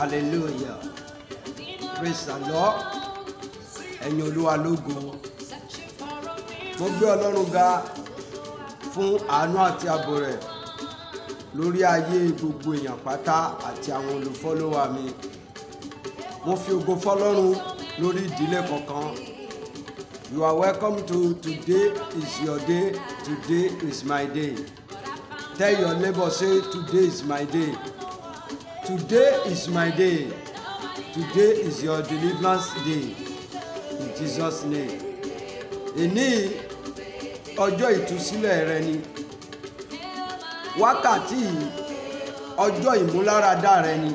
hallelujah praise the lord ẹ̀yin olúwa lógo mo gbé ọlọ́run ga fún àánú àti ààbò rẹ̀ lórí ayé gbogbo èèyàn pátá àti àwọn olùfọ́lówà mi mo fi ògo fọlọ́run lórí ìdílé kọ̀ọ̀kan you are welcome to today is your day today is my day tell your neighbor say today is my day. Today is my day. Today is your deliverance day. In Jesus' name. Èní ọjọ́ ìtúsílẹ̀ rẹ ni. Wákàtí ọjọ́ ìmúláradá rẹ ni.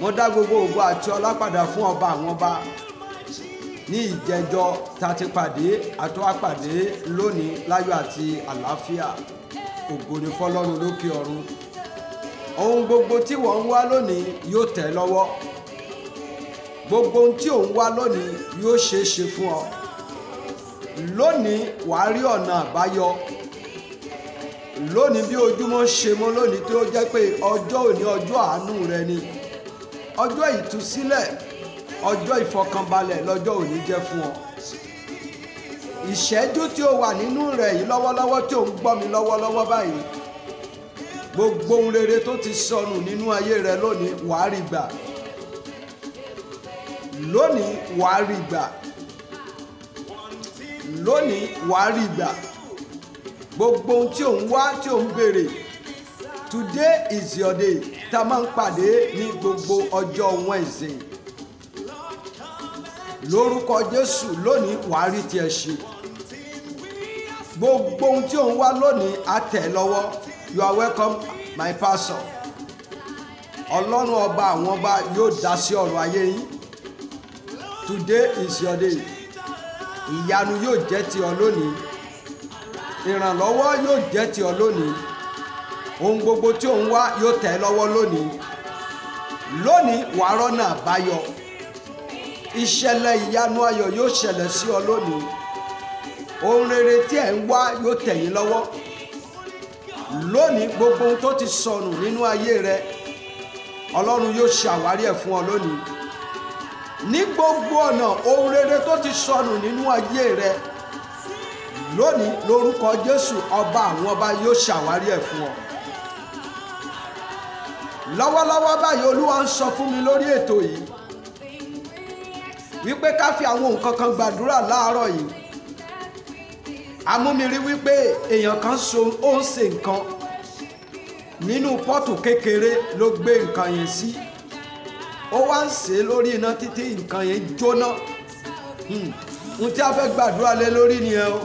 Mo dá gbogbo ògo àti ọlá padà fún ọba àwọn ọba ní ìjẹjọ tá a ti pàdé àtúwápàdé lónìí láyọ̀ àti àlàáfíà ògo ni fọlọ́run lókè ọ̀run ohun gbogbo tí wọ́n ń wá lónìí yóò tẹ̀ lọ́wọ́ gbogbo ohun tí òun wá lónìí yóò ṣeé ṣe fún ọ lónìí wàá rí ọ̀nà àbáyọ lónìí bí ojúmọ́ ṣe mọ́ lónìí tó jẹ́ pé ọjọ́ òní ọjọ́ àánú rẹ ni ọjọ́ ìtúsílẹ̀ ọjọ́ ìfọkànbalẹ̀ lọ́jọ́ òní jẹ́ fún ọ ìṣẹ́jú tí o wà nínú rẹ̀ yìí lọ́wọ́lọ́wọ́ tí o gbọ́ mi lọ́wọ́lọ́wọ́ báyìí gbogbo ohun rere tó ti sọnù nínú ayé rẹ lónìí wàá rí gbà lónìí wàá rí gbà lónìí wàá rí gbà gbogbo ohun tí ò wá tí ò béèrè today is your day tá a máa ń pàdé ní gbogbo ọjọ́ Wednesday lórúkọ Jésù lónìí wàá rí tiẹ̀ ṣe gbogbo ohun tí ò wá lónìí á tẹ̀ lọ́wọ́ you are welcome my pastor ọlọ́run ọba àwọn ọba yóò dá sí ọ̀rọ̀ ayé yín today is your day ìyanu yóò jẹ́ ti ọ lónìí ìrànlọ́wọ́ yóò jẹ́ ti ọ lónìí ohun gbogbo tí òun wá yóò tẹ̀ lọ́wọ́ lónìí lónìí wàá rọ́nà àbáyọ ìṣẹ̀lẹ̀ ìyanu ayọ̀ yóò ṣẹlẹ̀ sí ọ lónìí ohun rere tí ẹ̀ ń wá yóò tẹ̀ lọ́wọ́ lónìí gbogbo ohun tó ti sọnù nínú ayé rẹ ọlọ́run yóò ṣàwárí ẹ̀ fún ọ lónìí ní gbogbo ọ̀nà ohun rere tó ti sọnù nínú ayé rẹ lónìí lórúkọ jésù ọba àwọn ọba yóò ṣàwárí ẹ̀ fún ọ lọ́wọ́lọ́wọ́ báyìí olúwa ń sọ fún mi lórí ètò yìí wípé ká fi àwọn nǹkan kan gbàdúrà láàárọ̀ yìí amúmiri wípé èèyàn kan so ó ń ṣe nǹkan nínú pọ́ọ̀tù kékeré ló gbé nǹkan yẹn sí ó wá ń ṣe lórí iná títí nǹkan yẹn jóná hmm. n tí a fẹ́ gbàdúrà lé lórí nìyẹn o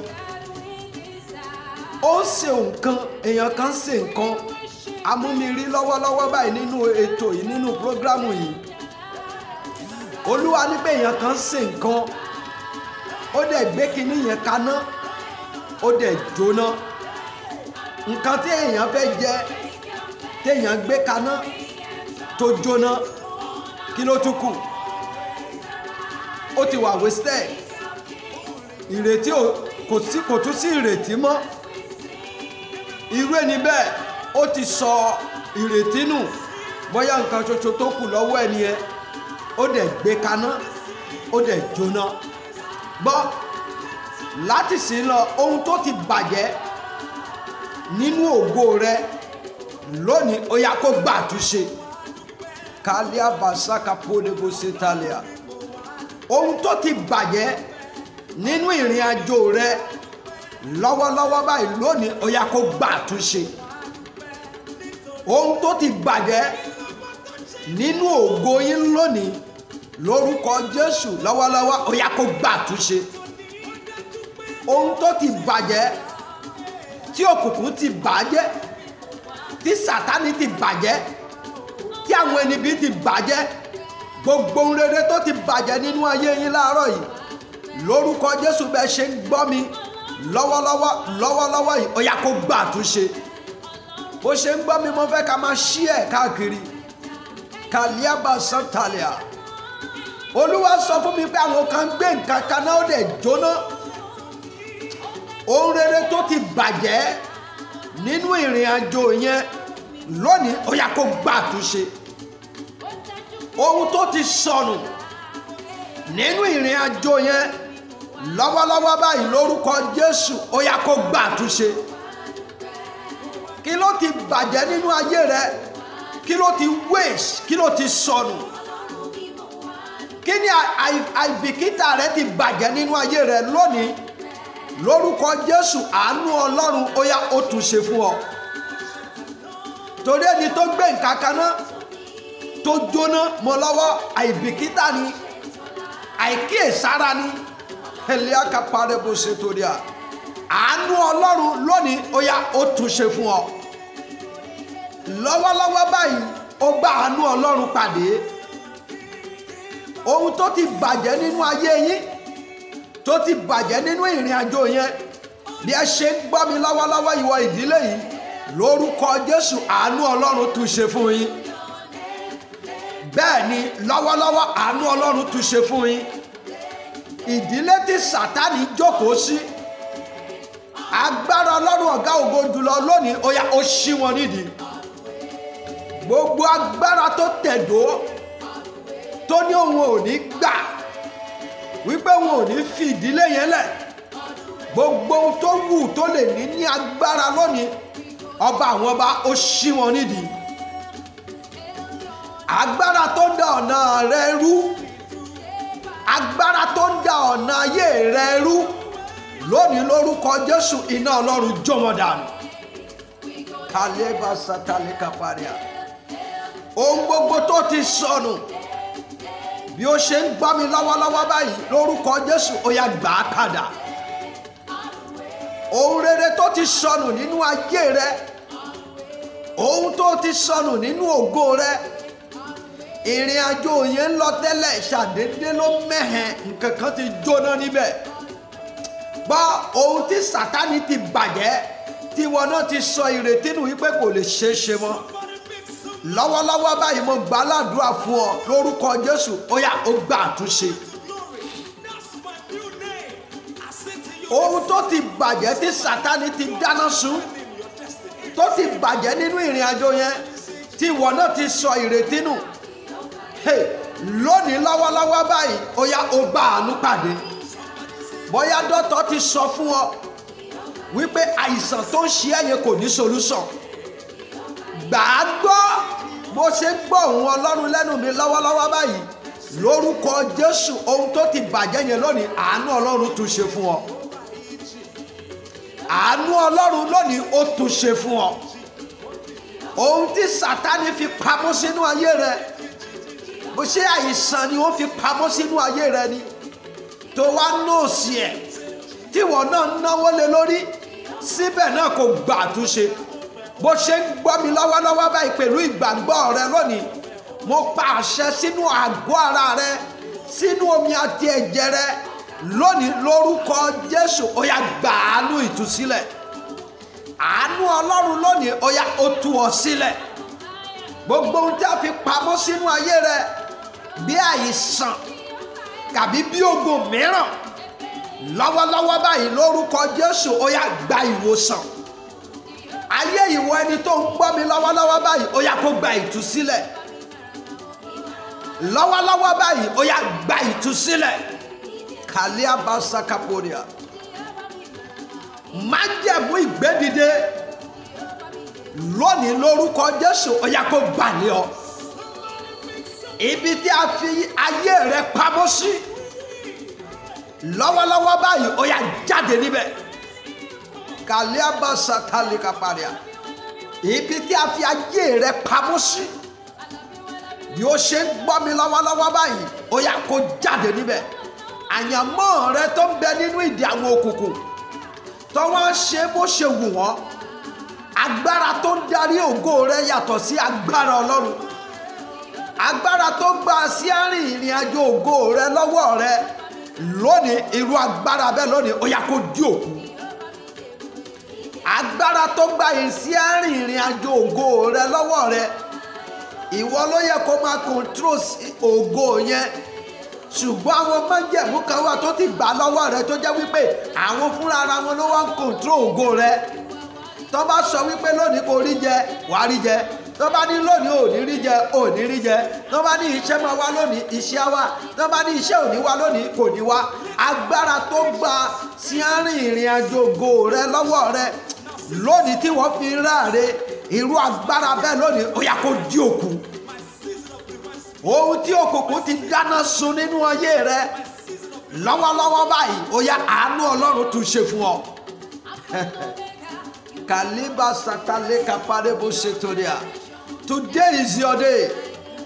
ó ń ṣe nǹkan èèyàn kan ṣe nǹkan amúmiri lọ́wọ́lọ́wọ́ báyìí nínú ètò yìí nínú prógrámù yìí olúwa ní pé èèyàn kan ṣe nǹkan ó dẹ̀ gbé kinní yẹn kaná ó dẹ̀ jóná nǹkan tí èèyàn fẹ́ jẹ téèyàn gbé kaná tó jóná kí ló tún kù ó ti wà wasted ìrètí kò tún sí ìrètí mọ́ irú ẹni bẹ́ẹ̀ ó ti sọ ìrètí nù bóyá nǹkan ṣoṣo tó kù lọ́wọ́ ẹni yẹn ó dẹ̀ gbé kaná ó dẹ̀ jóná gbọ́ láti sìn lọ ohun tó ti bàjẹ́ nínú ògo rẹ lónìí ó yá kó gbà àtúnṣe kálíà bàṣákà pólébó sétálíà ohun tó ti bàjẹ́ nínú ìrìn àjò rẹ lọ́wọ́lọ́wọ́ báyìí lónìí ó yá kó gbà àtúnṣe ohun tó ti bàjẹ́ nínú ògo yín lónìí lórúkọ Jésù lọ́wọ́lọ́wọ́ ó yá kó gbà àtúnṣe ohun tó ti bàjẹ́ tí òkùnkùn ti bàjẹ́ tí sàtánì ti bàjẹ́ tí àwọn ẹnibi ti bàjẹ́ gbogbo ohun rere tó ti bàjẹ́ nínú ayé yín láàárọ̀ yìí lórúkọ jésù bẹ́ẹ̀ ṣe ń gbọ́ mi lọ́wọ́lọ́wọ́ lọ́wọ́lọ́wọ́ yìí ó yá kó gba àtúnṣe bó ṣe ń gbọ́ mi mo fẹ́ ká máa ṣí ẹ̀ káàkiri kàlíàbà santàlíà olúwa sọ fún mi pé àwọn kan gbé nǹkan kaná ó dẹ̀ jóná ohun rere tó ti bàjẹ́ nínú ìrìn àjò yẹn lónìí ó yá kó gba àtúnṣe ohun tó ti sọnù nínú ìrìn àjò yẹn lọ́wọ́lọ́wọ́ báyìí lórúkọ Jésù ó yá kó gba àtúnṣe kí ló ti bàjẹ́ nínú ayé rẹ kí ló ti waste kí ló ti sọnù kí ni àìbìkítà rẹ ti bàjẹ́ nínú ayé rẹ lónìí lórúkọ jésù àánú ọlọ́run ó yá ó tún ṣe fún ọ torí ẹni tó gbé nǹkan kan náà tó jóná mọ́ lọ́wọ́ àìbìkítà ni àìkíyèsára ni ẹlẹ́àkà parẹ́bù ṣe torí à àánú ọlọ́run lónìí ó yá ó tún ṣe fún ọ lọ́wọ́lọ́wọ́ báyìí ó gba àánú ọlọ́run pàdé ohun tó ti bàjẹ́ nínú ayé yín tó ti bàjẹ́ nínú ìrìn àjò yẹn bí ẹ ṣe ń gbọ́ mi lọ́wọ́lọ́wọ́ ìwọ ìdílé yìí lórúkọ Jésù àánú Ọlọ́run tún ṣe fún yín bẹ́ẹ̀ ni lọ́wọ́lọ́wọ́ àánú Ọlọ́run tún ṣe fún yín ìdílé tí Sátánì jókòó sí agbára Ọlọ́run ọ̀gá ògo jùlọ lónìí ó yá ó ṣí wọn nídìí gbogbo agbára tó tẹ̀dó tó ní òun ò ní gbà wípé wọn ò ní fi ìdílé yẹn lẹ̀ gbogbo ohun tó wù tó lè ní ní agbára lónìí ọba àwọn ọba ó ṣí wọn nídìí agbára tó ń da ọ̀nà rẹ rú agbára tó ń da ọ̀nà ayé rẹ rú lónìí lórúkọ Jésù iná Ọlọ́run jó wọn dànù kàlẹ́ bá sátálẹ́ ohun gbogbo tó ti sọnù. So bí ó ṣe ń gbọ́ mi lọ́wọ́lọ́wọ́ báyìí lórúkọ Jésù ó yá gbà á padà ohun rere tó ti sọnù nínú ayé rẹ ohun tó ti sọnù nínú ògo rẹ ìrìn àjò yẹn ń lọ tẹ́lẹ̀ ṣàdédé ló mẹ́hẹ̀ẹ́ nǹkan kan ti jóná níbẹ̀ gbọ́ ohun tí Sátánì ti bàjẹ́ tiwọn náà ti sọ ìrètí nù wípé kò lè ṣeé ṣe mọ́ lọ́wọ́lọ́wọ́ báyìí mo gbà ládùúrà fún ọ lórúkọ Jésù ó yá ó gbà àtúnṣe. ohun tó ti bàjẹ́ tí Sátánì ti dáná sun tó ti bàjẹ́ nínú ìrìn àjò yẹn tí ìwọ náà ti sọ ìrètí nù lónìí lọ́wọ́lọ́wọ́ báyìí ó yá ó gbà àánú pàdé bóyá dọ́tọ̀ ti sọ fún ọ wípé àìsàn tó ń ṣe ẹ̀yẹ kò ní solúsàn gbà á gbọ́ bó ṣe gbọ́ òun ọlọ́run lẹ́nu mi lọ́wọ́lọ́wọ́ báyìí lórúkọ jésù ohun tó ti bàjẹ́ yẹn lónìí àánú ọlọ́run tún ṣe fún ọ àánú ọlọ́run lónìí ó tún ṣe fún ọ ohun tí sátani fi pamọ́ sínú ayé rẹ bó ṣe àìsàn ni ó fi pamọ́ sínú ayé rẹ ni tó wá nóòsì ẹ̀ tíwọ náà náwó lé lórí síbẹ̀ náà kò gbà àtúnṣe bó ṣe ń gbọ́ mi lọ́wọ́lọ́wọ́ báyìí pẹ̀lú ìgbàgbọ́ rẹ lónìí mo pa àṣẹ sínú àgọ́ ara rẹ sínú omi àti ẹ̀jẹ̀ rẹ lónìí lórúkọ Jésù ó yá gbà àánú ìtúsílẹ̀ àánú Ọlọ́run lónìí ó yá ó tú ọ sílẹ̀ gbogbo ohun tí a fi pamọ́ sínú ayé rẹ bí àìsàn tàbí bí ogun mìíràn lọ́wọ́lọ́wọ́ báyìí lórúkọ Jésù ó yá gba ìwòsàn ayé ìwọ ẹni tó ń gbọ́ mi lọ́wọ́lọ́wọ́ báyìí ó yá kó gba ìtúsílẹ̀ lọ́wọ́lọ́wọ́ báyìí ó yá gba ìtúsílẹ̀ kàlíà bá sakaporia májẹ̀mú ìgbédìde lónìí lórúkọ Jésù ó yá kó gbà ní ọ ibi tí a fi ayé rẹ pamọ́ sí lọ́wọ́lọ́wọ́ báyìí ó yá jáde níbẹ̀ kàlíàbàṣà tàlíkàpàrìà ibi tí a fi ayé rẹ pamọ́ sí bí ó ṣe ń gbọ́ mi lọ́wọ́lọ́wọ́ báyìí ó yá kó jáde níbẹ̀ àyànmọ́ rẹ tó ń bẹ nínú ìdí àwọn òkùnkùn tó wọ́n ṣe bó ṣe wù wọ́n agbára tó ń darí ògo rẹ yàtọ̀ sí agbára ọlọ́run agbára tó gba sí àárín ìrìn àjò ògo rẹ lọ́wọ́ rẹ lónìí irú agbára bẹ́ẹ̀ lónìí ó yá kó di òkú agbára tó gba èsì àárín ìrìn àjò ògo rẹ lọ́wọ́ rẹ ìwọ ló yẹ kó máa control ògo yẹn ṣùgbọ́n àwọn májẹ̀mú kan wà tó ti gbà lọ́wọ́ rẹ tó jẹ́ wípé àwọn fúnra ara wọn ló wá ń control ògo rẹ tó bá sọ wípé lónìí kò rí jẹ wàá rí jẹ tó bá ní lónìí òní rí jẹ òní rí jẹ tó bá ní iṣẹ́ máa wá lónìí iṣẹ́ wá tó bá ní iṣẹ́ òní wá lónìí kò ní wá agbára tó gba sí àárín ìrìn àjò ògo rẹ lọ́wọ́ rẹ lónìí tí wọ́n fi ráre irú agbára bẹ́ẹ̀ lónìí ó yá kó di òkú ohun tí òkùnkùn ti dáná sun nínú ayé rẹ lọ́wọ́lọ́wọ́ báyìí ó yá àánú ọlọ́run tún ṣe fún ọ. kàlíbà sàtàlẹ́kà parebo ṣètòríà today is your day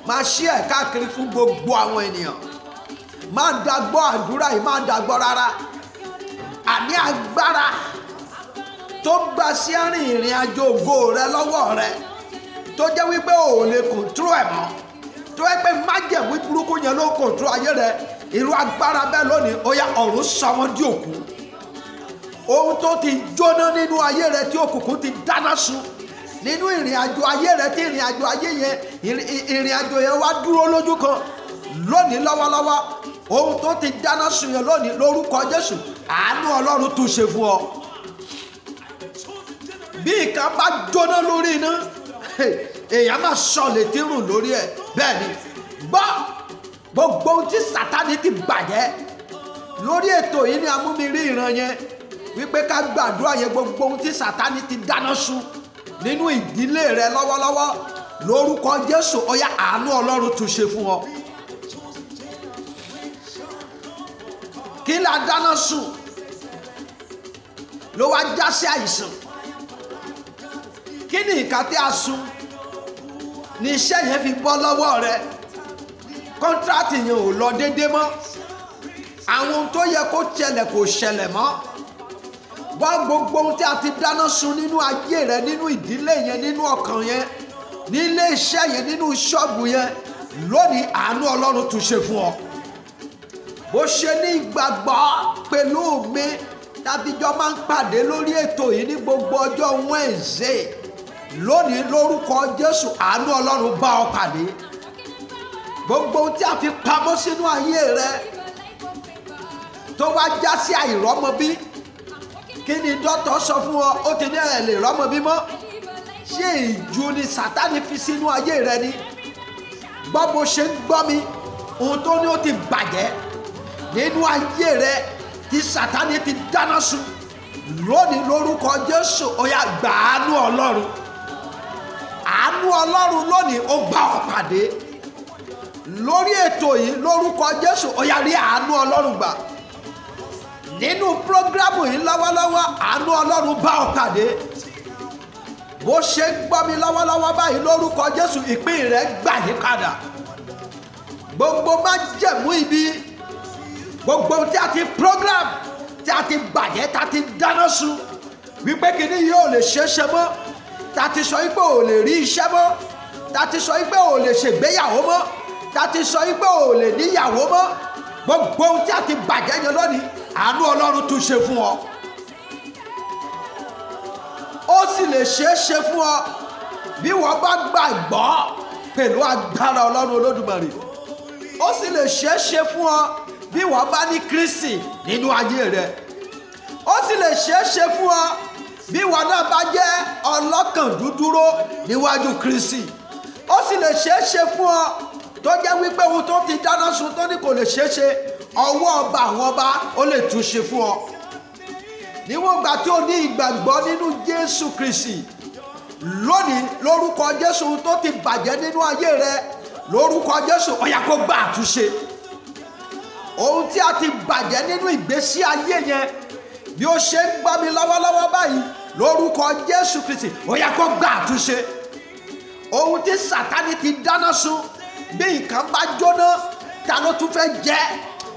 máa ṣí ẹ̀ káàkiri fún gbogbo àwọn ènìyàn má dàgbọ́ àdúrà yìí má dàgbọ́ rárá àní agbára tó gba sí àárín ìrìn àjò ògo rẹ lọ́wọ́ rẹ tó jẹ́ wípé ò lè kòtúrò ẹ̀ mọ́ tó yẹ pé májẹ̀wé burúkú yẹn ló kòtúrò ayé rẹ irú agbára bẹ́ẹ̀ lónìí ó yá ọ̀run sọ wọn di òkú ohun tó ti jóná nínú ayé rẹ tí òkùnkùn ti dáná sun nínú ìrìn àjò ayé rẹ tí ìrìn àjò ayé yẹn ìrìn àjò yẹn wá dúró lójú kan lónìí lọ́wọ́lọ́wọ́ ohun tó ti dáná sun yẹn lónìí lórúkọ Jésù àánú Ọlọ́run tún ṣe fún ọ bí ìka bá jóná lórí iná èèyàn máa sọ létí rùn lórí ẹ̀ bẹ́ẹ̀ ni gbọ́ gbogbo ohun tí sátani ti bàjẹ́ lórí ètò yìí ni amúmirí ìran yẹn wípé ká gbàdúrà yẹn gbogbo ohun tí sátani ti dáná sun nínú ìdílé rẹ lọ́wọ́lọ́wọ́ lórúkọ Jésù ọyá àánú Ọlọ́run tún ṣe fún ọ. kí la dáná sun ló wá já sí àìsàn kí ni nǹkan tí a sun ni iṣẹ́ yẹn fi bọ́ lọ́wọ́ rẹ kọ́ńtrátì yẹn ò lọ déédé mọ́ àwọn ohun tó yẹ kó ṣẹlẹ̀ kò ṣẹlẹ̀ mọ́ wọ́n gbogbo ohun tí a ti dáná sun nínú ayé rẹ nínú ìdílé yẹn nínú ọkàn yẹn nílé iṣẹ́ yẹn nínú ṣọ́ọ̀bù yẹn lónìí àánú ọlọ́run tún ṣe fún ọ bó ṣe ní ìgbàgbọ́ pẹ̀lú mi tàbíjọ́ máa ń pàdé lórí ètò yìí ní gbogbo ọjọ́ Wednesday lónìí lórúkọ jésù àánú ọlọ́run bá ọ pàdé gbogbo ohun tí a fi pamọ́ sínú ayé rẹ tó wá já sí àìrọ́mọbí kí ni dọ́tọ̀ sọ fún ọ ó ti ní ẹ̀ lè rọ́mọbí mọ́ ṣé ìjú ni sátani fi sínú ayé rẹ ni gbọ́ bó ṣe ń gbọ́ mi ohun tó ní ó ti bàjẹ́ nínú ayé rẹ tí sátani ti dáná sun lónìí lórúkọ jésù ó yá gbàánú ọlọ́run àánú ọlọ́run lónìí ó gbà ọ́ pàdé lórí ètò yìí lórúkọ jésù ó yá rí àánú ọlọ́run gbà nínú prógrámù yìí lọ́wọ́lọ́wọ́ àánú ọlọ́run bá ọ pàdé bó ṣe ń gbọ́ mi lọ́wọ́lọ́wọ́ báyìí lórúkọ jésù ìpín rẹ̀ gbà yí padà gbogbo má jẹ̀mú ibi gbogbo tí a ti program tí a ti bàjẹ́ tí a ti dáná sun wípé kìíní yóò lè ṣeé ṣe mọ́ ta ti sọ pé ò lè rí iṣẹ́ mọ́ ta ti sọ pé ò lè ṣègbéyàwó mọ́ ta ti sọ pé ò lè níyàwó mọ́ gbogbo ohun tí a ti bàjẹ́ yẹn lónìí àánú ọlọ́run tún ṣe fún ọ ó sì lè ṣeé ṣe fún ọ bí wọ́n bá gbàgbọ́ pẹ̀lú agbára ọlọ́run olódùmarè ó sì lè ṣeé ṣe fún ọ bí wọ́n bá ní Kristi nínú ayé rẹ ó sì lè ṣeé ṣe fún ọ bí wọn náà bá jẹ́ ọlọ́kàn dúdúró níwájú Kristi ó sì lè ṣeé ṣe fún ọ tó jẹ́ wípé ohun tó ti dáná sun tó ní kò lè ṣeé ṣe ọwọ́ ọba àwọn ọba ó lè tún ṣe fún ọ níwọ̀n ìgbà tí o ní ìgbàgbọ́ nínú Jésù Kristi lónìí lórúkọ Jésù tó ti bàjẹ́ nínú ayé rẹ lórúkọ Jésù ó kó gba àtúnṣe ohun tí a ti bàjẹ́ nínú ìgbésí ayé yẹn bí ó ṣe ń gbá mi lọ́wọ́lọ́wọ́ báyìí lórúkọ jésù kristi ó yá kó gba àtúnṣe ohun tí sàtánì ti dáná sun bí nǹkan bá jóná ta ló tún fẹ́ jẹ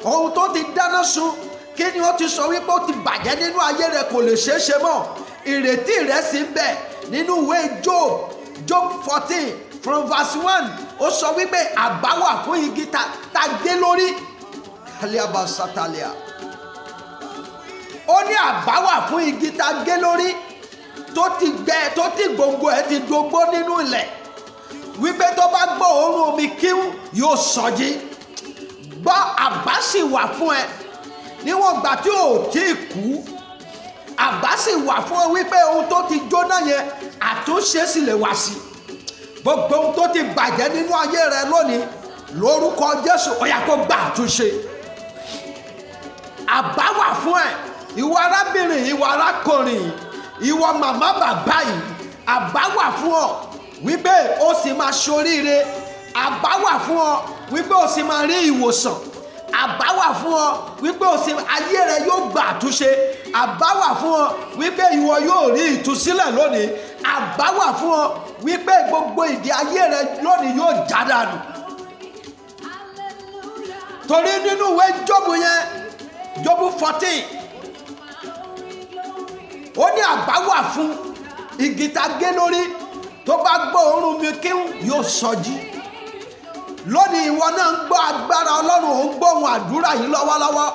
ohun tó ti dáná sun kí ni ó ti sọ wípé ó ti bàjẹ́ nínú ayé rẹ kò lè ṣeé ṣe mọ́ ìrètí rẹ sì ń bẹ nínú ìwé job job fourteen from verse one ó sọ wípé àbá wà fún igi ta gé lórí kálíàbá sátálíà ó ní àbá wà fún igi tá a gé lórí tó ti gbẹ tó ti gbòǹgbò ẹ̀ ti dógbó nínú ilẹ̀ wípé tó bá gbọ́ òórùn omi kíhún yóò sọjí gbọ́ àbá sì wà fún ẹ níwọ̀n gbà tí ò tí ì kú àbá sì wà fún ẹ wípé ohun tó ti jóná yẹn àtúnṣe sì lè wá sí gbogbo ohun tó ti bàjẹ́ nínú ayé rẹ lónìí lórúkọ Jésù ó kó gbà àtúnṣe àbá wà fún ẹ ìwọ arábìnrin ìwọ arákùnrin ìwọ màmá bàbá yìí àbá wà fún ọ wípé o sì máa ṣoríire àbá wà fún ọ wípé o sì máa rí ìwòsàn àbá wà fún ọ wípé o sì ayé rẹ yóò gba àtúnṣe àbá wà fún ọ wípé ìwọ yóò rí ìtúsílẹ̀ lónìí àbá wà fún ọ wípé gbogbo ìdí ayé rẹ lónìí yóò já dànù torí nínú ìwé Jóòbù yẹn Jóòbù fourteen ó ní àbá wà fún igi tá gé lórí tó bá gbọ́ òórùn mi kíhùn yóò sọjí lónìí ìwọ náà ń gbọ́ agbára ọlọ́run òun gbóhùn àdúrà yìí lọ́wọ́lọ́wọ́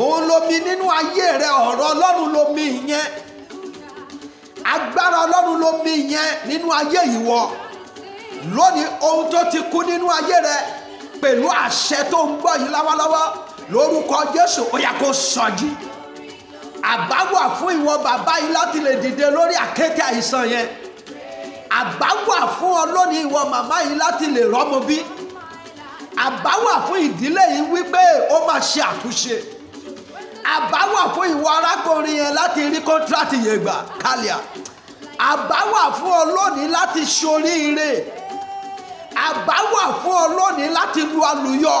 òun lomi nínú ayé rẹ ọ̀rọ̀ ọlọ́run lomi yẹn agbára ọlọ́run lomi yẹn nínú ayé ìwọ lónìí ohun tó ti kú nínú ayé rẹ pẹ̀lú àṣẹ tó ń gbọ́ yìí lọ́wọ́lọ́wọ́ lórúkọ jésù ó yá kó sọjí. So àbá wà fún ìwọ bàbá yìí láti lè dìde lórí àkéte àìsàn yẹn àbá wà fún ọ lónìí ìwọ màmá yìí láti lè rọ́mọ bí àbá wà fún ìdílé yìí wípé ó máa ṣe àtúnṣe àbá wà fún ìwọ arákùnrin yẹn láti rí kọ́ńtrátì yẹn gbà kálíà àbá wà fún ọ lónìí láti ṣoríire àbá fún ọ lónìí láti lu àlùyọ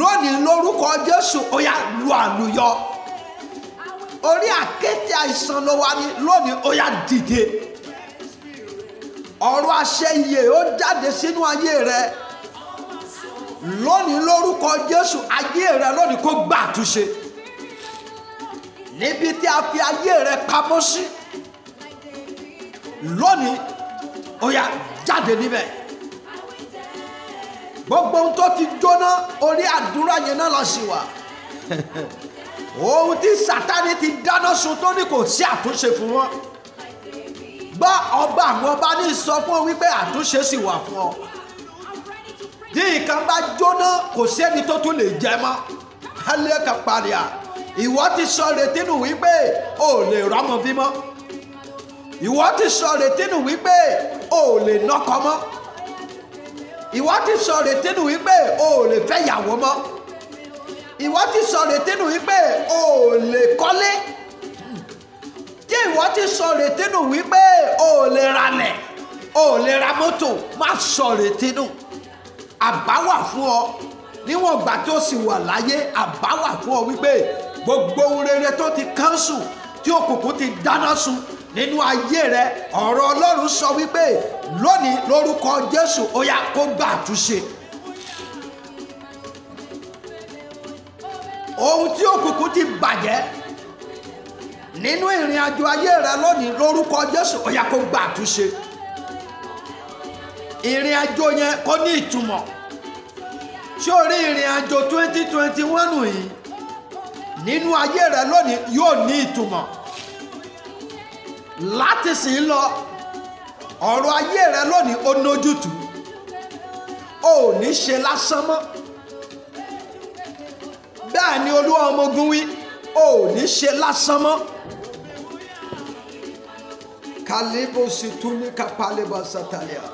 lónìí lórúkọ Jésù ó yá lu àlùyọ orí àkéte àìsàn ló wà ní lónìí ó yá dìde ọ̀rọ̀ àṣeyẹ ó jáde sínú ayé rẹ lónìí lórúkọ Jésù ayé rẹ lónìí kó gbà àtúnṣe níbi tí a fi ayé rẹ pamọ́ sí lónìí ó yá jáde níbẹ̀ gbogbo ohun tó ti jóná orí àdúrà yẹn náà lọ sí wa. ohun tí sátani ti dáná sun tó ní kò sí àtúnṣe fún wọn gbọ́ ọba àwọn ọba ní sọ fún wípé àtúnṣe sì wà fún ọ bí nǹkan bá jóná kò sẹ́ni tó tún lè jẹ mọ́ alẹ́ kan pariya ìwọ ti sọ retí nù wípé o lè rọ́mọ bímọ ìwọ ti sọ retí nù wípé o lè nọ́kọ mọ́ ìwọ ti sọ retí nù wípé o lè fẹ́ yàwó mọ́ ìwọ ti sọ rètí nù wípé o ò lè kọ́lé tí ìwọ ti sọ rètí nù wípé o ò lè ralẹ̀ o ò lè ra mọ́tò má sọ rètí nù àbá wà fún ọ níwọ̀n ìgbà tó sì wà láyé àbá wà fún ọ wípé gbogbo ohun rere tó ti kánṣu tí òkùnkùn ti dáná sun nínú ayé rẹ ọ̀rọ̀ Ọlọ́run sọ wípé lónìí lórúkọ Jésù ó yá kó gbà àtúnṣe. ohun tí òkùnkùn ti bàjẹ́ nínú ìrìn àjò ayé rẹ lónìí lórúkọ Jésù ó yá kó gba àtúnṣe ìrìn àjò yẹn kó ní ìtumọ̀ sórí ìrìn àjò twenty twenty one yìí nínú ayé rẹ lónìí yóò ní ìtumọ̀ láti sìn lọ ọ̀rọ̀ ayé rẹ lónìí ó nójútùú ó ní ṣe lásán mọ́ bẹ́ẹ̀ ni olúwa ọmọ ogun wí ò ní ṣe lásán mọ́ kalibo situni kapaleba satalia.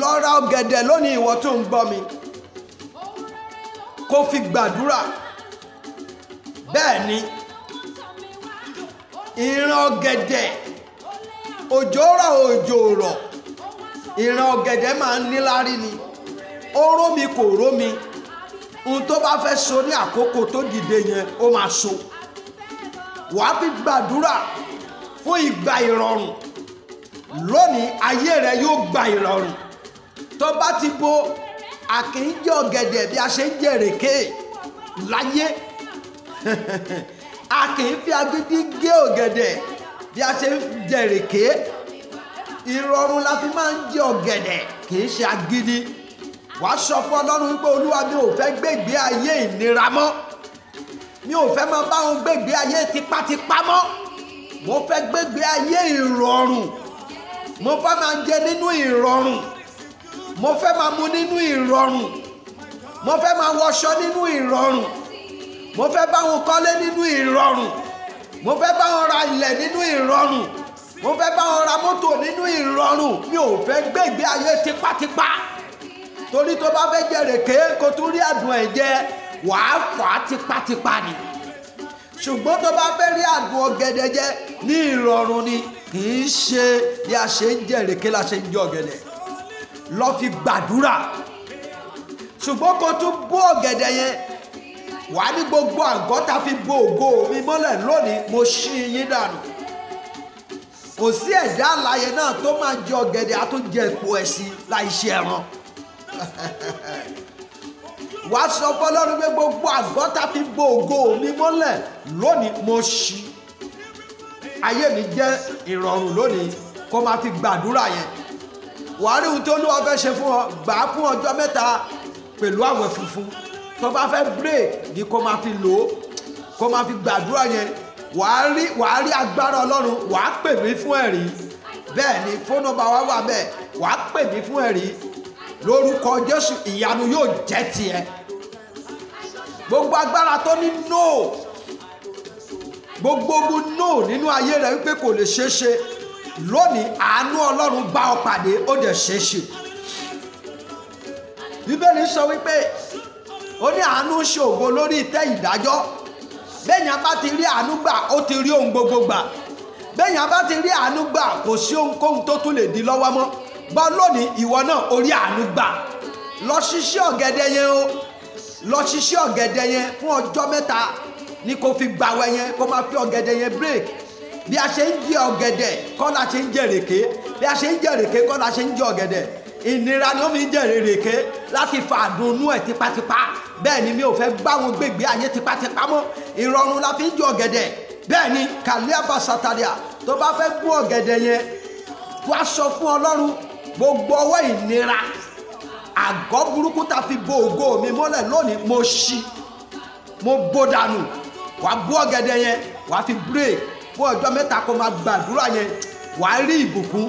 lọ ra ọ̀gẹ̀dẹ̀ lónìí ìwọ tó ń gbọ́ mi kó fi gbàdúrà bẹ́ẹ̀ ni ìran ọ̀gẹ̀dẹ̀ òjò rọ̀ òjò rọ̀ ìran ọ̀gẹ̀dẹ̀ máa ń níláárí ni. Ojora, ó rómi kò rómi ohun tó bá fẹ́ so ní àkókò tó dìde yẹn ó máa so wàá fi gbàdúrà fún ìgbà ìrọ̀rùn lónìí ayé rẹ yóò gba ìrọ̀rùn tó bá ti bo àkínjẹ ọ̀gẹ̀dẹ̀ bí a ṣe ń jẹ̀rèké láyé a fi agídí gé ọ̀gẹ̀dẹ̀ bí a ṣe ń jẹ̀rèké ìrọ̀rùn la fi máa ń jẹ ọ̀gẹ̀dẹ̀ kì í ṣe agídí wàá sọ fún ọlọ́run pé olúwa mi ò fẹ́ gbègbé ayé ìnira mọ́ mi ò fẹ́ máa bá òun gbègbé ayé tipátipá mọ́ mo fẹ́ gbègbé ayé ìrọ̀rùn mo fẹ́ máa jẹ nínú ìrọ̀rùn mo fẹ́ máa mu nínú ìrọ̀rùn mo fẹ́ máa wọṣọ nínú ìrọ̀rùn mo fẹ́ bá wọn kọ́lé nínú ìrọ̀rùn mo fẹ́ bá wọn ra ilẹ̀ nínú ìrọ̀rùn mo fẹ́ bá wọn ra mọ́tò nínú ìrọ̀rùn mi ò fẹ́ gbègbé ayé tipátipá torí tó bá fẹ́ jẹ rèké kó tún rí àdùn ẹ̀ jẹ wàá fà á tipátipá ni ṣùgbọ́n tó bá fẹ́ rí àdùn ọ̀gẹ̀dẹ̀ jẹ ní ìrọ̀rùn ni kì í ṣe bí a ṣe ń jẹ la ṣe ń jẹ ọ̀gẹ̀dẹ̀ lọ fi gbàdúrà ṣùgbọ́n kó tún bó ọ̀gẹ̀dẹ̀ yẹn wàá ní gbogbo àgọ́ta fi bo ògo mi mọ́lẹ̀ lónìí mo ṣí yín dànù kò sí ẹ̀dá àlàyé náà tó máa jẹ ọ̀gẹ̀dẹ̀ àtúnjẹ èpo ẹ̀sìn láì ṣe ẹran wà á sọ fọlọ́run pé gbogbo àgọ́ tá a fi bo ògo mi mọ́lẹ̀ lónìí mo ṣí ayé mi jẹ́ ìrọ̀rùn lónìí kó máa fi gbàdúrà yẹn wàá rí ohun tí olúwa fẹ́ ṣe fún ọ gbà á fún ọjọ́ mẹ́ta pẹ̀lú àwẹ̀ funfun tó bá fẹ́ break ni kó máa fi lò ó kó máa fi gbàdúrà yẹn wàá rí wàá rí agbára ọlọ́run wàá pè mí fún ẹ̀rí bẹ́ẹ̀ ni fóònù bá wà wà bẹ́ẹ̀ wàá pè mí fún ẹ̀rí lórúkọ jésù ìyanu yóò jẹ́ tiẹ̀ gbogbo agbára tó ní no gbogbo ogun no nínú ayé rẹ wípé kò lè ṣeé ṣe lónìí àánú ọlọ́run bá ọ pàdé ó dẹ̀ ṣeé ṣe bíbélì sọ wípé ó ní àánú ṣe ògo lórí ìtẹ́ ìdájọ́ bẹ́ẹ̀ni a bá ti rí àánú gbà ó ti rí ohun gbogbo gbà bẹ́ẹ̀ni a bá ti rí àánú gbà kò sí ohunkóhun tó tún lè di lọ́wọ́ mọ́ gbọ́ lónìí ìwọ náà orí àánú gbà lọ ṣiṣẹ́ ọ̀gẹ̀dẹ̀ yẹn o lọ ṣiṣẹ́ ọ̀gẹ̀dẹ̀ yẹn fún ọjọ́ mẹ́ta ni kò fi gbàwẹ̀ yẹn kó máa fi ọ̀gẹ̀dẹ̀ yẹn break bí a ṣe ń jẹ ọ̀gẹ̀dẹ̀ kọ́ la ṣe ń jẹ rèké bí a ṣe ń jẹ rèké kọ́ la ṣe ń jẹ ọ̀gẹ̀dẹ̀ ìnira ni ó fi ń jẹ rèké láti fa àdùnnú ẹ̀ tipátipá bẹ́ẹ̀ ni mi ò fẹ́ gbáwọn gbègbè ayé tipátipá mọ́ ìrọ̀rùn la fi ń jẹ ọ̀gẹ̀dẹ̀ bẹ́ẹ̀ ni kàlíàbà sàtàlíà tó bá fẹ́ gún ọ̀gẹ̀dẹ̀ yẹn wá sọ fún ọlọ́run gbogbo ọwọ́ ìnira àgọ́ burúkú ta fi bo ògo mi mọ́lẹ̀ lónìí mo ṣí mo bó dànù wà á bú ọ̀gẹ̀dẹ̀ yẹn wà á fi break fún ọjọ́ mẹ́ta kó máa gbàdúrà yẹn wà á rí ìbùkún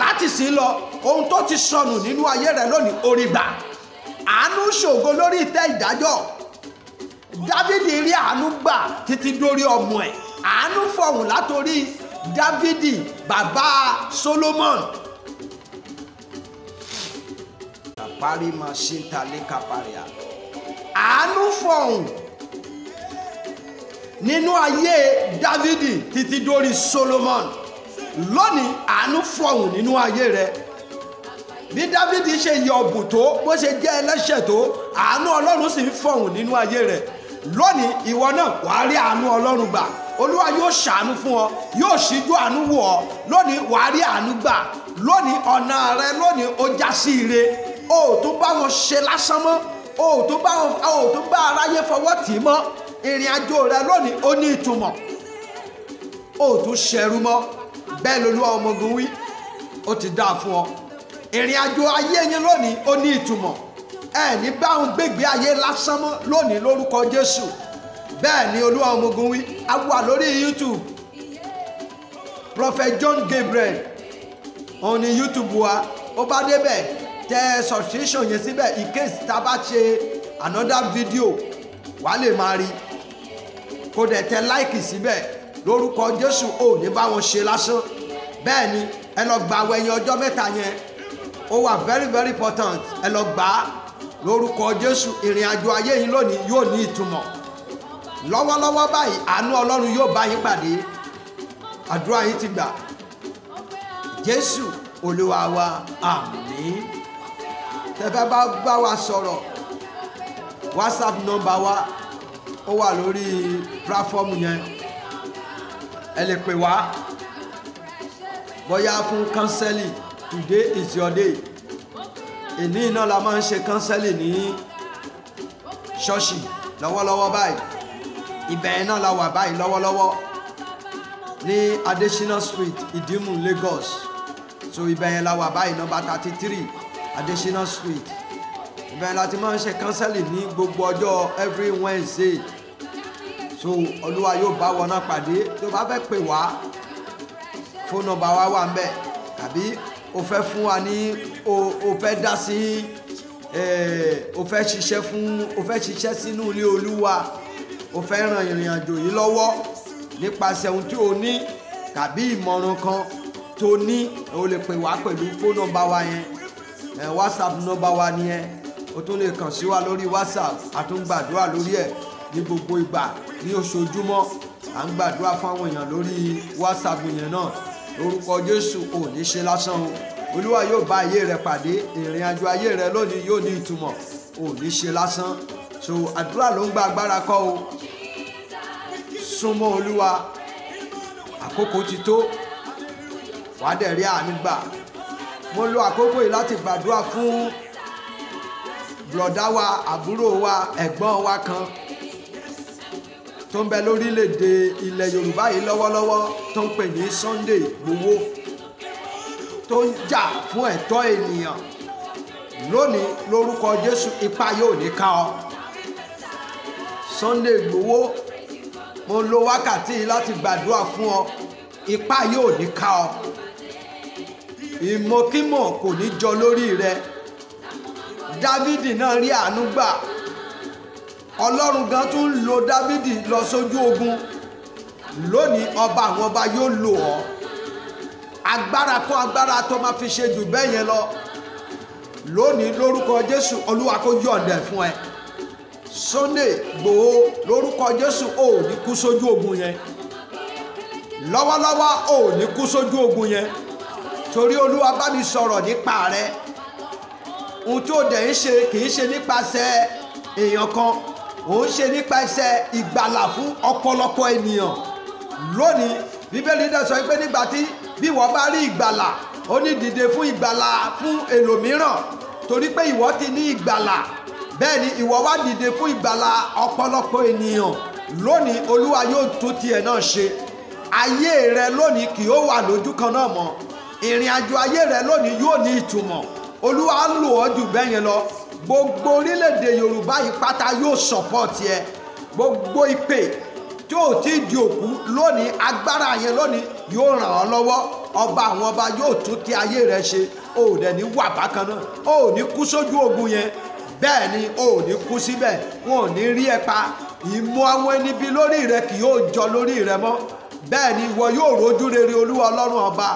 láti sí lọ ohun tó ti sọnù nínú ayé rẹ lónìí orí gbà àánú ṣògo lórí ìtẹ́ ìdájọ́ dávidi rí àánú gbà títí dórí ọmọ ẹ̀ àánú fọ̀hùn látorí dávidi bàbá solomon parí ma ṣe ń ta léka parí à. àánú fọ̀hún nínú ayé dávidi títí dórí solomon lónìí àánú fọ̀hún nínú ayé rẹ bí dávidi ṣe yọ̀bù tó bó ṣe jẹ́ ẹlẹ́ṣẹ̀ tó àánú ọlọ́run sì ń fọ̀hún nínú ayé rẹ lónìí ìwọ náà wàá rí àánú ọlọ́run gbà olúwa yóò ṣàánú fún ọ yóò ṣíjú àánú wò ọ lónìí wàá rí àánú gbà lónìí ọ̀nà rẹ lónìí ó já sí ire o ò tún bá wọn ṣe lásán mọ́ o ò tún bá wọn o ò tún bá aráyé fọwọ́ tì í mọ́ ìrìn àjò rẹ lónìí ó ní ìtumọ̀ o ò tún ṣẹrú mọ́ bẹ́ẹ̀ lolúwa ọmọ ogun wí ó ti dáa fún ọ ìrìn àjò ayé yín lónìí ó ní ìtumọ̀ ẹ ní báwọn gbègbè ayé lásán mọ́ lónìí lórúkọ Jésù bẹ́ẹ̀ ni olúwa ọmọ wí a wà lórí YouTube Prophet John Gabriel òun ni YouTube wa ó bá débẹ̀ tẹ subscription yẹn síbẹ̀ in case tá a bá ṣe another video wà lè máa rí kó dẹ̀ tẹ like síbẹ̀ lórúkọ Jésù ò ní bá wọn ṣe lásán bẹ́ẹ̀ ni ẹ lọ gba àwẹ̀ yẹn ọjọ́ mẹ́ta yẹn ó wà very very important ẹ lọ gbà á lórúkọ Jésù ìrìn àjò ayé yín lónìí yóò ní ìtumọ̀ lọ́wọ́lọ́wọ́ báyìí àánú Ọlọ́run yóò bá yín pàdé àdúrà yín ti gbà Jésù Olúwa wa àmín tẹ́fẹ́ bá bá wa sọ̀rọ̀ whatsapp nọ́mbà wa ó wà lórí pílàfọ́ọ̀mù yẹn ẹ lè pè wá bóyá fún kánsẹ́lì today is your day ìní iná la máa ń ṣe kánsẹ́lì ní ṣọ́ọ̀ṣì lọ́wọ́lọ́wọ́ báyìí ibẹ̀ náà la wà báyìí lọ́wọ́lọ́wọ́ ní Adesina Street Ìdìmú Lagos so ibẹ̀ yẹn la wà báyìí nọ́mbà thirty three. Additional Street ibẹ̀ láti máa ń ṣe kánsẹ́lì ní gbogbo ọjọ́ every Wednesday so olúwa yóò bá wọn náà pàdé tó bá fẹ́ pè wá fóònù nọ́mbà wa wà ń bẹ̀ tàbí o fẹ́ fún wa ní o fẹ́ dá sí eh, o fẹ́ ṣiṣẹ́ fún o fẹ́ ṣiṣẹ́ sínú ilé olúwa o fẹ́ ran ìrìn àjò yìí lọ́wọ́ nípasẹ̀ ohun tí o ní tàbí ìmọ̀ràn kan tó ní o lè pè wá pẹ̀lú fóònù nọ́mbà wa yẹn Eh, whatsapp nọ́mbà wa nìyẹn o tún lè kàn sí wa lórí whatsapp àtúngbàdúrà lórí ẹ̀ ní gbogbo ìgbà ní oṣoojúmọ́ à ń gbàdúrà fáwọn èèyàn lórí whatsapp yẹn náà lórúkọ jésù ò ní ṣe lásán o olúwa yóò bá ayé rẹ pàdé ìrìn àjò ayé rẹ lónìí yóò ní ìtumọ̀ ò ní ṣe lásán so àdúrà ló ń gba agbára kọ́ o súnmọ́ olúwa àkókò ti tó wàá dẹ̀ rí àánú gbà mo lo àkókò yìí láti gbàdúrà fún bùrọ̀dá wa àbúrò wa ẹ̀gbọ́n wa kan tó ń bẹ lórílẹ̀‐èdè ilẹ̀ Yorùbá yìí lọ́wọ́lọ́wọ́ tó ń pè ní Sunday Igboho tó ń jà fún ẹ̀tọ́ ènìyàn lónìí lórúkọ Jésù ipá yóò ní ká ọ Sunday Igboho mo lo wákàtí láti gbàdúrà fún ọ ipá yóò ní ká ọ ìmọ̀kímọ̀ kò ní jọ lórí rẹ dávidi náà rí àánú gbà ọlọ́run gan tún lo dávidi lọ sójú ogun lónìí ọba àwọn ọba yóò lò ọ́ agbára kọ́ agbára tó máa fi ṣe jù bẹ́ẹ̀ yẹn lọ lónìí lórúkọ jésù olúwa kó yọ̀ǹdẹ̀ fún ẹ sunday gbòó lórúkọ jésù ò ní kú sójú ogun yẹn lọ́wọ́lọ́wọ́ ò ní kú sójú ogun yẹn torí olúwa bá mi sọ̀rọ̀ nípa rẹ ohun tó dẹ̀ ń ṣe kì í ṣe nípasẹ̀ èèyàn kan ò ń ṣe nípasẹ̀ ìgbàlà fún ọ̀pọ̀lọpọ̀ ènìyàn lónìí bíbélì náà sọ pé nígbà tí bí wọ́n bá rí ìgbàlà ó ní dìde fún ìgbàlà fún ẹlòmíràn torí pé ìwọ ti ní ìgbàlà bẹ́ẹ̀ ni ìwọ wá dìde fún ìgbàlà ọ̀pọ̀lọpọ̀ ènìyàn lónìí olúwa yóò tún tiẹ̀ náà ṣe ayé rẹ lónìí kì yóò wà lójú kan náà mọ́ ìrìn àjò ayé rẹ lónìí yóò ní ìtumọ̀ olúwa ń lò ọ́ jù bẹ́ẹ̀ yẹn lọ gbogbo orílẹ̀-èdè yorùbá yìí pátá yóò sọ̀pọ̀tì ẹ gbogbo ìpè tí ò tí ì di òkú lónìí agbára yẹn lónìí yóò ràn ọ́ lọ́wọ́ ọba àwọn ọba yóò tún ti ayé rẹ ṣe o ò dẹ̀ ní wà bákan náà o ò ní kú sójú ogun yẹn bẹ́ẹ̀ ni o ò ní kú síbẹ̀ wọn ò ní rí ẹ pa ìmọ̀ àwọn ẹni bíi lórí rẹ kì yóò jọ lórí rẹ mọ́ bẹ́ẹ̀ ni ìwọ yóò rójú rere olúwa ọlọ́run ọba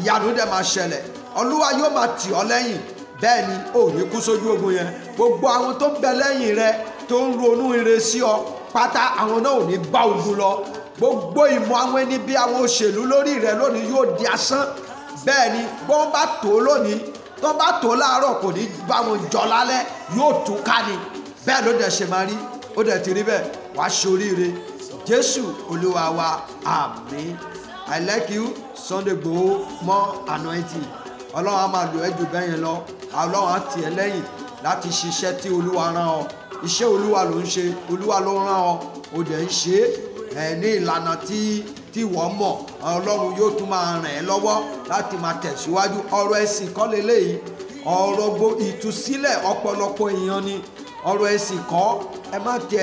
ìyanu dẹ̀ máa ṣẹlẹ̀ olúwa yóò máa tì ọ́ lẹ́yìn bẹ́ẹ̀ ni ò ní kú sójú ogun yẹn gbogbo àwọn tó ń bẹ lẹ́yìn rẹ tó ń ronú ire sí ọ pátá àwọn náà ò ní bá ogun lọ gbogbo ìmọ̀ àwọn ẹni bí àwọn òṣèlú lórí rẹ lónìí yóò di asán bẹ́ẹ̀ ni bó ń bá tó lónìí tó ń bá tó láàárọ̀ kò ní bá wọn jọ lálẹ́ yóò tún ká ni bẹ́ẹ̀ ló dẹ̀ ṣe máa rí ó dẹ̀ ti rí bẹ́ẹ̀ wàá ṣoríire jésù olúwa wa àmín. I like you Sunday Igboho more anointing ọlọ́run á máa lò ẹ́ jù bẹ́ẹ̀ yẹn lọ ọlọ́run á tì ẹ́ lẹ́yìn láti ṣiṣẹ́ tí olúwa rán ọ iṣẹ́ olúwa ló ń ṣe olúwa ló rán ọ o dẹ̀ ń ṣe ẹ̀ ní ìlànà tí tí wọ́n mọ̀ ọlọ́run yóò tún máa ràn ẹ́ lọ́wọ́ láti máa tẹ̀síwájú ọ̀rọ̀ ẹ̀sìn kọ́ lélẹ́yìí ọ̀rọ̀ gbo ìtúsílẹ̀ ọ̀pọ̀lọpọ̀ èèyàn ni ọ̀rọ̀ ẹ̀sìn kọ́ ẹ má ti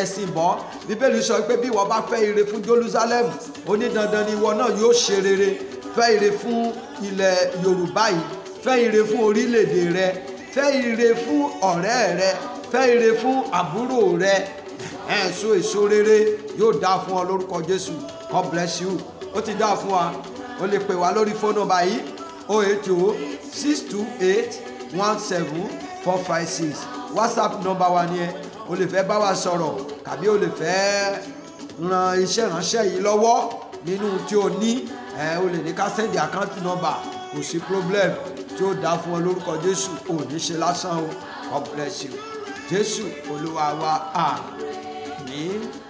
ẹ̀sìn bọ́ bíbélì sọ pé bí ìwọ bá fẹ́ ire fún Jerusalem ó ní dandan ni ìwọ náà yóò ṣe rere fẹ́ ire fún ilẹ̀ Yorùbá yìí fẹ́ ire fún orílẹ̀-èdè rẹ fẹ́ ire fún ọ̀rẹ́ rẹ fẹ́ ire fún àbúrò rẹ ẹ̀ so èso rere yóò dáa fún ọ lórúkọ Jésù God bless you ó ti dáa fún wa o lè pè wá lórí fóònù báyìí oh oh eight one seven four five six whatsapp number one ni ẹ o lè fẹ́ bá wa sọ̀rọ̀ tàbí o lè fẹ́ ran iṣẹ́ ìránṣẹ́ yìí lọ́wọ́ nínú tí o ní ẹ o lè ní ká sẹ́ndì àkáǹtì nọ́mbà kò sí problem tí o dá fún ọ lórúkọ jésù ò ní ṣe lásán o God bless you jésù olúwa wa àmín.